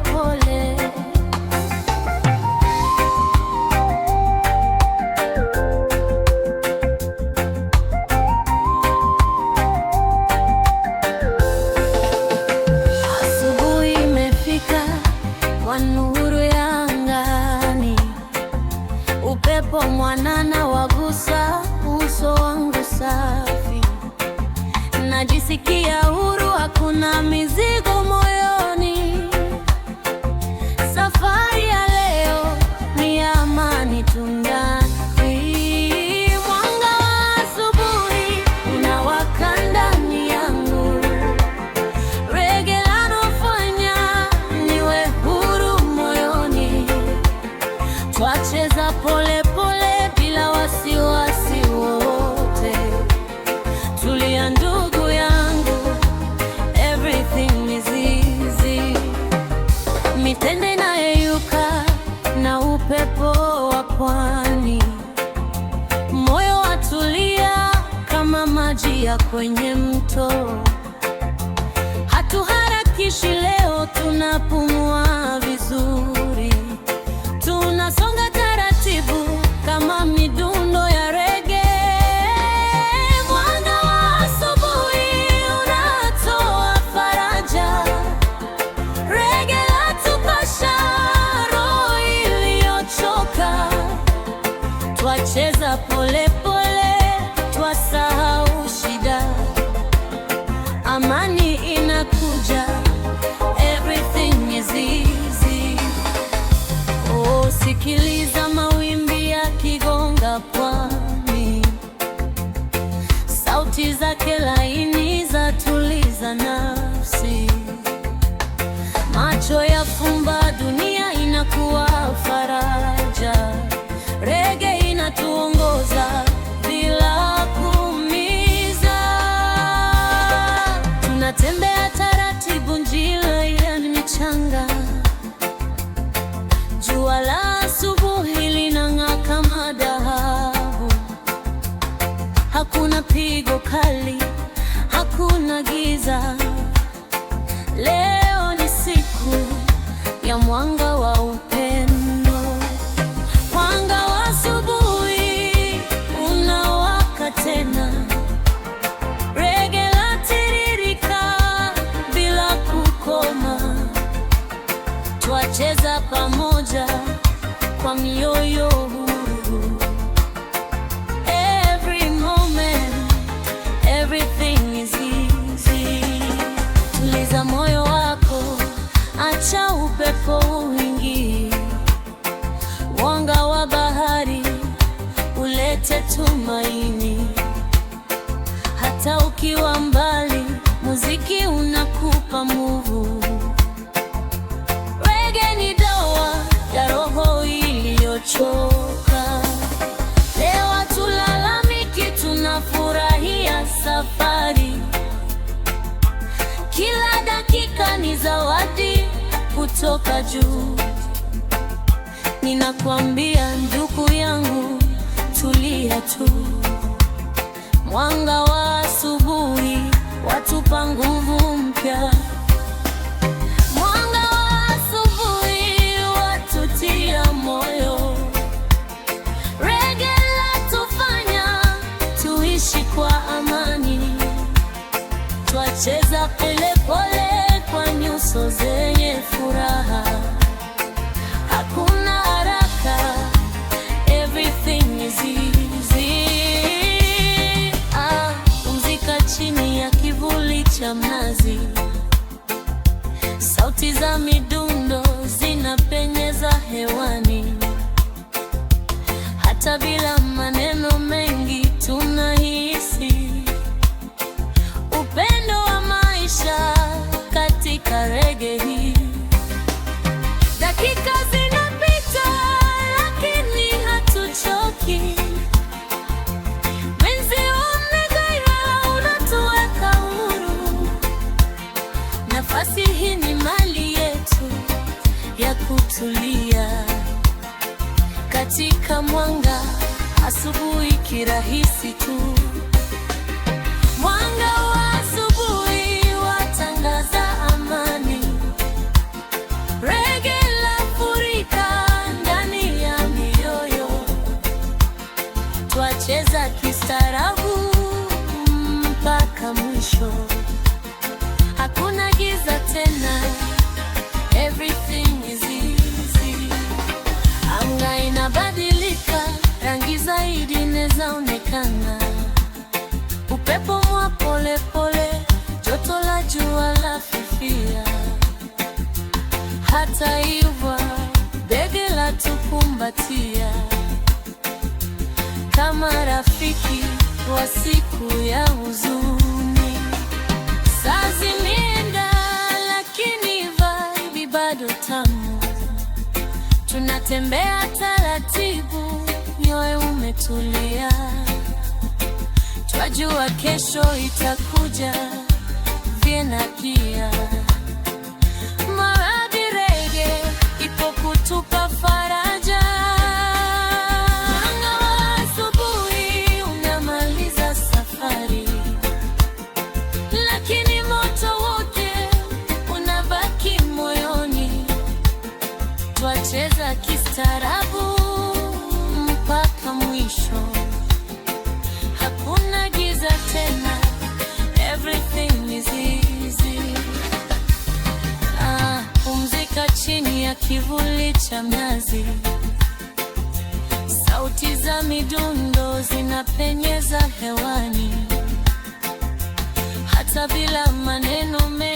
polepole asubuhi imefika upepo mwanana wagusa wangu safi, najisikia huru, hakuna mizigo mitende inayeyuka na upepo wa pwani, moyo watulia kama maji ya kwenye mto. Hatuharakishi leo tunapu macho ya fumba, dunia inakuwa mwanga wa upendo. Mwanga wa asubuhi unawaka tena, rege la bila kukoma, twacheza pamoja kwa mioyo acha upepo uingie, mwanga wa bahari ulete tumaini. Hata ukiwa mbali, muziki unakupa nguvu. Reggae ni dawa ya roho iliyochoka. Leo hatulalamiki, tunafurahia safari. Kila dakika ni zawadi kutoka juu. Ninakwambia nduku yangu, tulia tu. Mwanga wa asubuhi watupa nguvu mpya. za midundo zinapenyeza hewani hata bila ya kutulia katika mwanga asubuhi kirahisi tu pia. Hata hivyo bega tukumbatia kama rafiki wa siku ya huzuni. Saa zinaenda lakini vibe bado tamu, tunatembea taratibu, nyoyo umetulia, twajua kesho itakuja pienakia Maradhi Reggae ipo kutupa faraja. Mwanga wa asubuhi unamaliza safari, lakini moto wote unabaki moyoni. Twacheza kistaarabu kivuli cha mnazi, sauti za midundo zinapenyeza hewani, hata bila maneno mengi.